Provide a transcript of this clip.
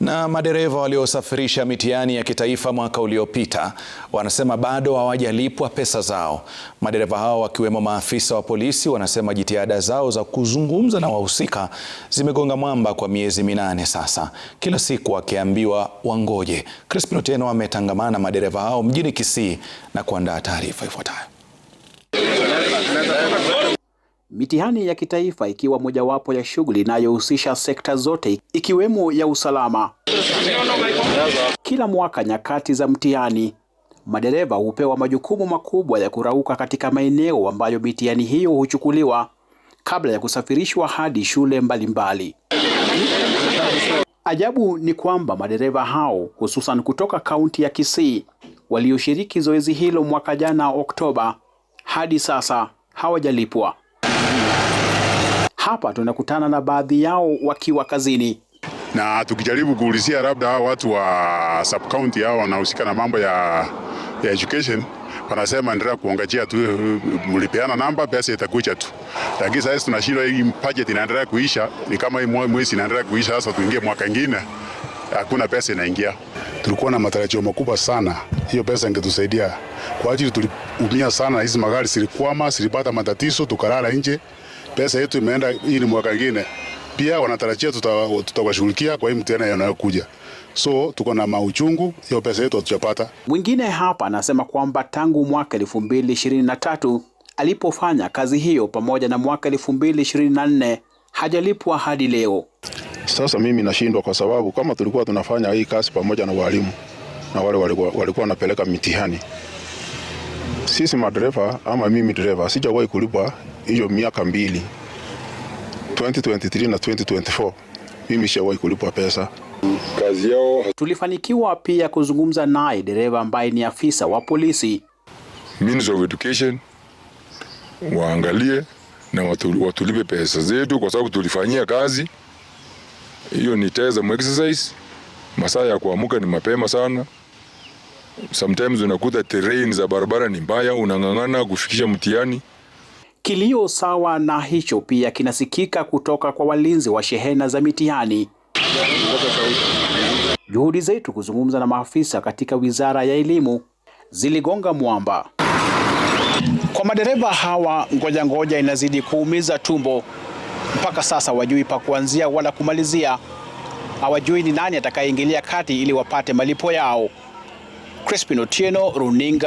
Na madereva waliosafirisha mitihani ya kitaifa mwaka uliopita wanasema bado hawajalipwa pesa zao. Madereva hao wakiwemo maafisa wa polisi wanasema jitihada zao za kuzungumza na wahusika zimegonga mwamba kwa miezi minane sasa, kila siku wakiambiwa wangoje. Crispin Otieno ametangamana madereva hao mjini Kisii na kuandaa taarifa ifuatayo. Mitihani ya kitaifa ikiwa mojawapo ya shughuli inayohusisha sekta zote ikiwemo ya usalama. Kila mwaka nyakati za mtihani, madereva hupewa majukumu makubwa ya kurauka katika maeneo ambayo mitihani hiyo huchukuliwa kabla ya kusafirishwa hadi shule mbalimbali mbali. Ajabu ni kwamba madereva hao hususan kutoka kaunti ya Kisii walioshiriki zoezi hilo mwaka jana Oktoba hadi sasa hawajalipwa. Hapa tunakutana na baadhi yao wakiwa kazini na tukijaribu kuulizia labda hao watu wa sub county hao wanahusika na mambo ya, ya education wanasema endelea kuongajia tu, mlipeana namba, pesa itakuja tu. Lakini sasa tunashindwa, hii budget inaendelea kuisha, ni kama hii mwezi inaendelea kuisha, sasa tuingie mwaka ingine, hakuna pesa inaingia. Tulikuwa na matarajio makubwa sana, hiyo pesa ingetusaidia kwa ajili. Tuliumia sana, hizi magari zilikwama, zilipata matatizo, tukalala nje pesa yetu imeenda, hii ni mwaka ingine pia wanatarajia tutawashughulikia tuta kwa hii mtihani yanayokuja, so tuko na mauchungu hiyo pesa yetu hatujapata. Mwingine hapa anasema kwamba tangu mwaka elfu mbili ishirini na tatu alipofanya kazi hiyo pamoja na mwaka elfu mbili ishirini na nne hajalipwa hadi leo. Sasa mimi nashindwa kwa sababu kama tulikuwa tunafanya hii kazi pamoja na walimu na wale walikuwa wanapeleka mitihani sisi madereva ama mimi dereva sijawahi kulipwa hiyo miaka mbili 2023 na 2024 mimi sijawahi kulipwa pesa. Kazi yao. Tulifanikiwa pia kuzungumza naye dereva ambaye ni afisa wa polisi. Ministry of Education waangalie na watu, watulipe pesa zetu kwa sababu tulifanyia kazi hiyo. Ni term exercise, masaa ya kuamuka ni mapema sana sometimes unakuta terrain za barabara ni mbaya, unang'ang'ana kufikisha mtihani. Kilio sawa na hicho pia kinasikika kutoka kwa walinzi wa shehena za mitihani. Juhudi zetu kuzungumza na maafisa katika wizara ya elimu ziligonga mwamba. Kwa madereva hawa, ngoja ngoja inazidi kuumiza tumbo. Mpaka sasa wajui pa kuanzia wala kumalizia, hawajui ni nani atakayeingilia kati ili wapate malipo yao. Crispin Otieno, runinga